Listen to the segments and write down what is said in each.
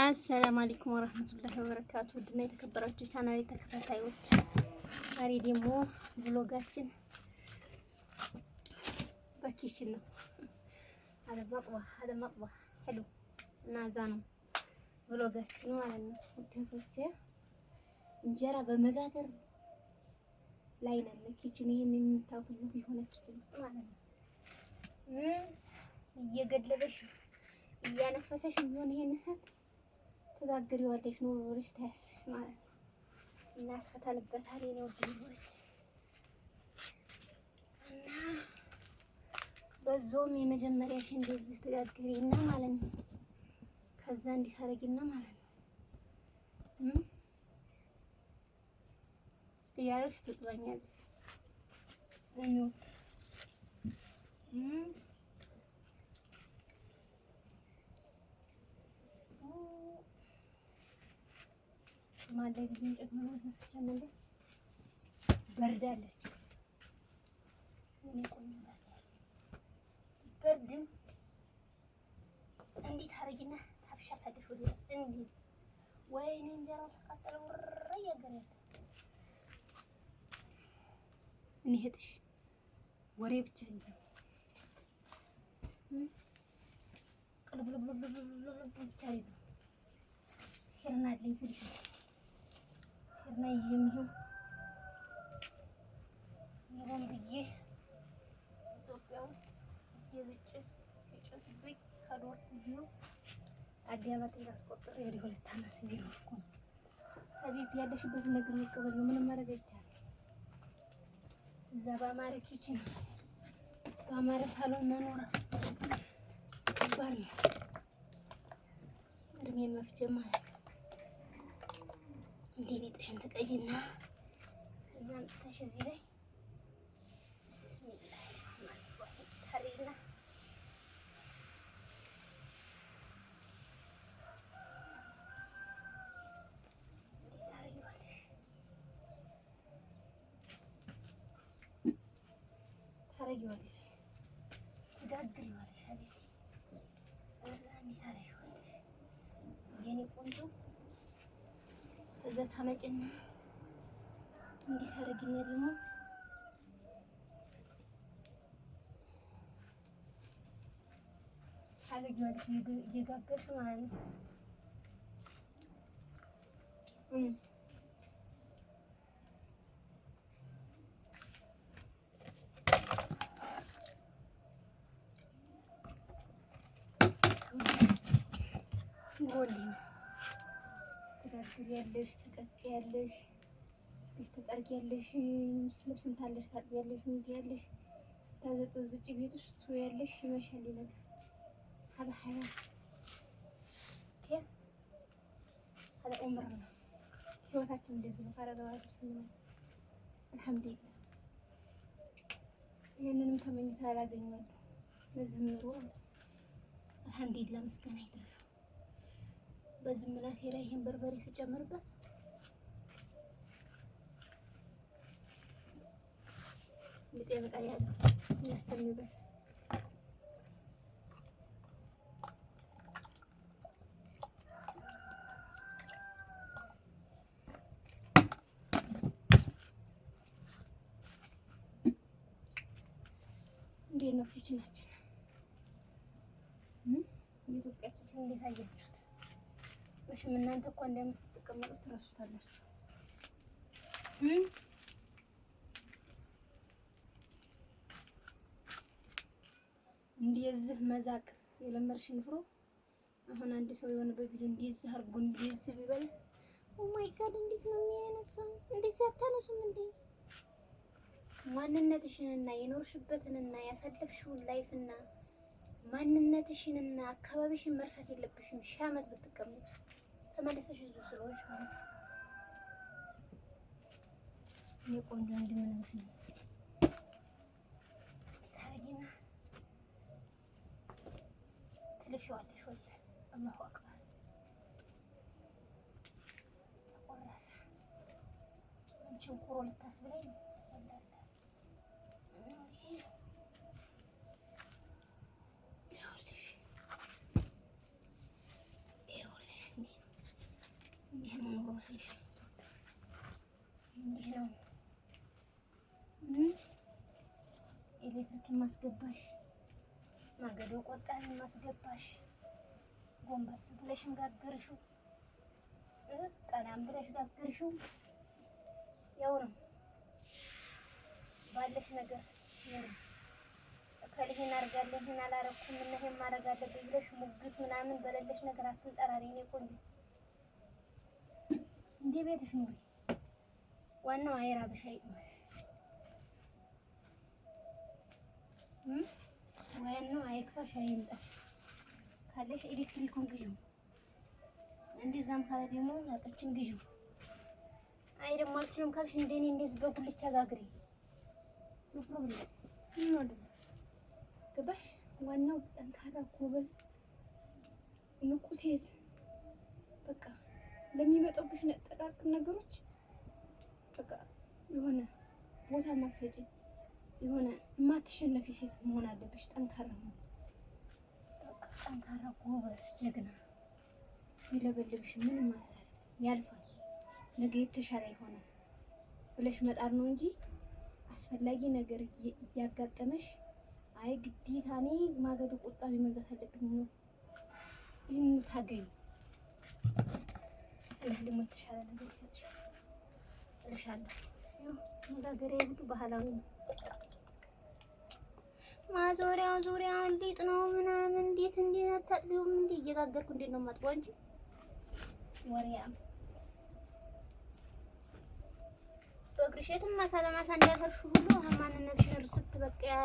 አሰላም አለይኩም ወረህመቱላሂ ወበረካቱ። ውድና የተከበራችሁ ቻናል ተከታታዮች ዛሬ ደግሞ ብሎጋችን በኪችን ነው አለማጥባ አለማጥባ ሄሎ እና እዛ ነው ብሎጋችን ማለት ነው። ውደቶች እንጀራ በመጋገር ላይ ነን። ኪችን ይህን የምታውቁት የሆነ ኪችን ውስጥ ማለት ነው እየገለበሽ እያነፈሰሽ የሚሆን ይሄን እሳት ትጋግሪዋለሽ ነው ብለሽ ታያስሽ ማለት ነው። እና ያስፈተንበታል የኔ ውድ እና በዛውም የመጀመሪያሽ እንደዚህ ትጋግሪና ማለት ነው። ከዛ እንዲት አደረጊና ማለት ነው እያለሽ ማለይ ልጅ እንጨት ምናምን በርዳለች። እኔ በርድም እንዴት አረጊና ታብሻ ታደሽ ወደ እንዴት ወይኔ እንጀራው ተቃጠለ ወሬ ብቻ እንጂ እና ይህም ይሁን ብዬ ኢትዮጵያ ውስጥ የብጭስ ሲጨስብኝ ከዶር ነው አዲስ ዓመት እያስቆጠረ የወደ ሁለት ዓመት እየኖርኩ ነው። አቤት ያለሽበትን ነገር መቀበል ነው። ምንም ማድረግ አይቻልም። እዛ በአማረ ኪችን በአማረ ሳሎን መኖር ከባድ ነው። እድሜን መፍጀት ማለት ነው። ሌሊጥሽን ትቀይና እና መጥተሽ እዚህ ላይ ተሪና ታረጊዋለሽ Hamed jenang, Indis hari gini rimu Hamed jadi gini gini gak kesal ትጋግሪያለሽ፣ ትቀቅያለሽ፣ ቤት ትጠርጊያለሽ፣ ልብስ እንታለሽ፣ ታጥቢያለሽ፣ ምን ትያለሽ፣ ስታዘጠዝጪ ቤት ውስጥ ትውያለሽ። ይመሻል ይመጣል። ሀላ ሀያ ሀላ ኡምር ነው ህይወታችን እንደዚህ ነው። ካረገባችሁ ስንል አልሐምዱሊላህ ይህንንም ተመኝታ አላገኘሁም። ለዚህ ኑሮ አልሐምዱሊላህ ምስጋና ይድረሰው። በዚህ ምላሴ ላይ ይሄን በርበሬ ሲጨምርበት ምጤ በቃ ያለ ያስተምበት እንዴት ነው ኪችናችን? የኢትዮጵያ ኪችን እንዴት አያችሁት? መቼም እናንተ እኮ እንዳይመ ስትቀመጡ ትረሱታላችሁ። እንደዚህ መዛቅ የለመድሽ ንፍሮ አሁን አንድ ሰው የሆነ በቪዲዮ እንደዚህ አድርጎ እንደዚህ ቢበል ኦማይ ጋድ እንዴት ነው የሚያነሳው? እንደዚህ አታነሱም እንዴ? ማንነትሽንና የኖርሽበትንና ያሳለፍሽውን ላይፍና ማንነትሽንና አካባቢሽን መርሳት የለብሽም። ሺህ ዓመት ብትቀመጭ ተመለሰሽ እዚሁ ስለሆንሽ ማለት ነው። እኔ ቆንጆ እንድምንሽ ታረጊና ትልፊዋለሽ። ወላሂ አላሁ አክበር ቁሮ ልታስብላኝ ነው። ማስገባሽ፣ ማገዶ ቆጣሪ ማስገባሽ፣ ጎንበስ ብለሽ ጋገርሽው፣ ቀናም ብለሽ ጋገርሽው። ያው ነው ባለሽ ነገር ከልህን አርጋለሁ ይህን አላረኩም እና ይሄን ማድረግ አለብኝ ብለሽ ሙግት ምናምን በሌለሽ ነገር አትንጠራሪ። እኔ ቆንጆ እንዴ ቤትሽ ኑሪ፣ ዋናው አይራብሽ አይጥማሽ። ዋናው አይክፋሽ አይምጣ ካለሽ ኤሌክትሪኩን ግዢው። እንደዛም ካለ ደግሞ አቅችን ግዢው። አይ ደግሞ አልችልም ካልሽ እንደኔ እንደዚህ በጉልቻ ጋግሪ ፕሮብሌም ዋናው ጠንካራ ጎበዝ፣ ንቁ ሴት በቃ ለሚመጣብሽ ጠቃቅን ነገሮች በቃ የሆነ ቦታ ማትሰጪ የሆነ የማትሸነፊ ሴት መሆን አለብሽ። ጠንካራ ነው፣ ጠንካራ ጎበዝ፣ ጀግና ይለበልብሽ። ምንም ማለት ያልፋል፣ ነገ የተሻለ ይሆናል ብለሽ መጣር ነው እንጂ አስፈላጊ ነገር እያጋጠመሽ አይ ግዴታ እኔ ማገዶ ቁጣቢ መግዛት አለብኝ ነው ይህን ታገኙ ደግሞ የተሻለ ነገር ይሰጥሻል ብለሻለሁ። መጋገሪያ የብሉ ባህላዊ ነው። ማዞሪያው ዙሪያውን ሊጥ ነው ምናምን እንዴት እንዴት አታጥቢውም? እንዴ እየጋገርኩ እንዴት ነው ማጥቦ እንጂ ወሪያ በግርሸትም ማሳ ለማሳ እንዳፈርሹ ሁሉ አሁን ማንነትሽን እርስት ሀያ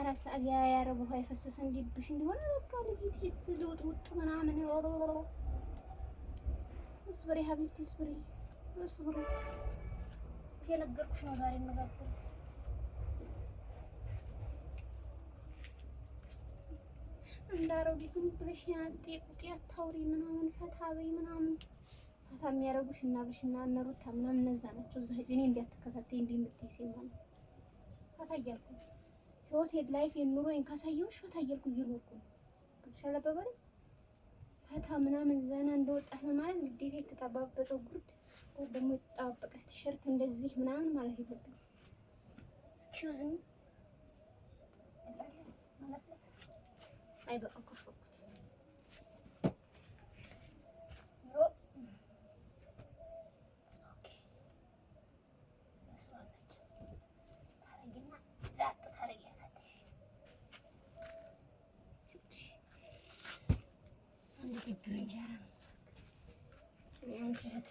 አራት ሰዓት የአረብ ውሃ የፈሰሰ እንዲብሽ እንዲሆን በቃ ልጅ ልውጥ ውጥ ምናምን ወሮ ወሮ ሀቢብቲ እስብሪ እስብሪ የነገርኩሽ ነው ዛሬ የምጋግር እንዳረው ዝም ብለሽ ያዝ ጤቁጤ አታውሪ ምናምን ፈታ በይ ምናምን ፈታ የሚያደርጉሽ እና ብሽ እነ ሩታ ምናምን እነዛ ናቸው። እዛ እኔ እንዳትከታተይ እንዲህ የምትይ ሴት ማለት ፈታ እያልኩ ህይወት ላይፍ የኑሮዬን ካሳየሁሽ ፈታ እያልኩ እየኖርኩ ነው። ፈታ ምናምን ዘና እንደወጣት ማለት ግዴታ የተጠባበቀው ጉድ ደግሞ የተጣበቀ ቲሸርት እንደዚህ ምናምን ማለት የለብንም። ኤክስኪውዝ ሚ አይ በቃ ከፈኩት። እንዴት ብር እንጀራ ነው አንቺ እህት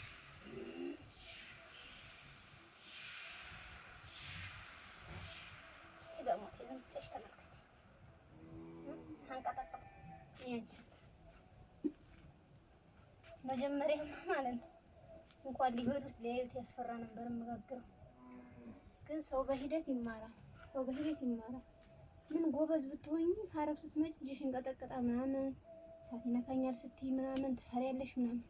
ያንቻት መጀመሪያ ማለት ነው እንኳን ሊበሉት ሊያዩት ያስፈራ ነበር መጋገረው። ግን ሰው በሂደት ይማራል። ሰው በሂደት ይማራል። ምን ጎበዝ ብትሆኝ ሳረብ ስትመጪ እጅሽ እንቀጠቀጣ ምናምን እሳት ይነካኛል ስትይ ምናምን ትፈሪያለሽ ምናምን።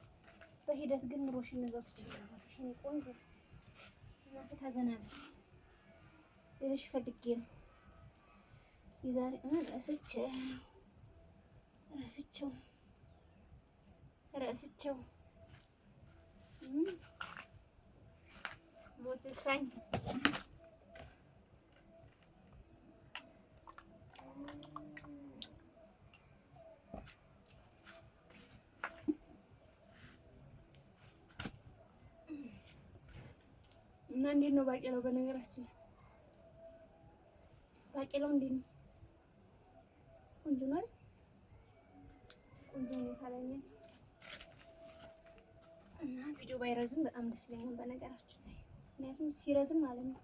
በሂደት ግን ኑሮሽን እዛው ትችላለሽ። እኔ ቆንጆ እናት ታዘናለሽ ልልሽ ፈልጌ ነው የዛሬ እስች Rasa cok, rasa cok, umur selesai. Kemudian dia nak baliklah orang ቆንጆ ሁኔታ ላይ እና ቪዲዮ ባይረዝም በጣም ደስ ይለኛል። በነገራችን ላይ ምክንያቱም ሲረዝም ማለት ነው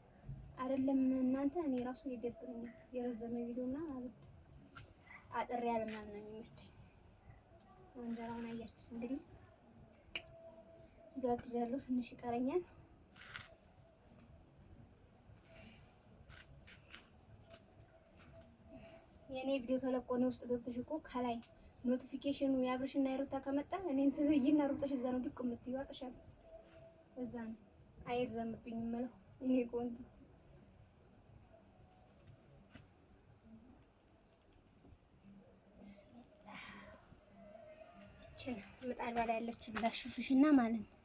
አይደለም እናንተ እኔ ራሱ ይደብረኛል የረዘመ ቪዲዮ እና ማለት ያለ ምናምን ነው የሚመቸኝ። እንጀራውን አያችሁት እንግዲህ እዚህ ያለው ትንሽ ይቀረኛል። የእኔ ቪዲዮ ተለቆ ነው ውስጥ ገብተሽ እኮ ከላይ ኖቲፊኬሽኑ የአብርሽና የሩታ ከመጣ እኔን ትዘይና ሩጠሽ እዛ ነው ድቅ የምትይው። አቅሻል እዛ ነው አይርዘምብኝ የምለው እኔ ቆንጆ ምጣድ ባላ ያለችው ላሹፍሽና ማለት ነው።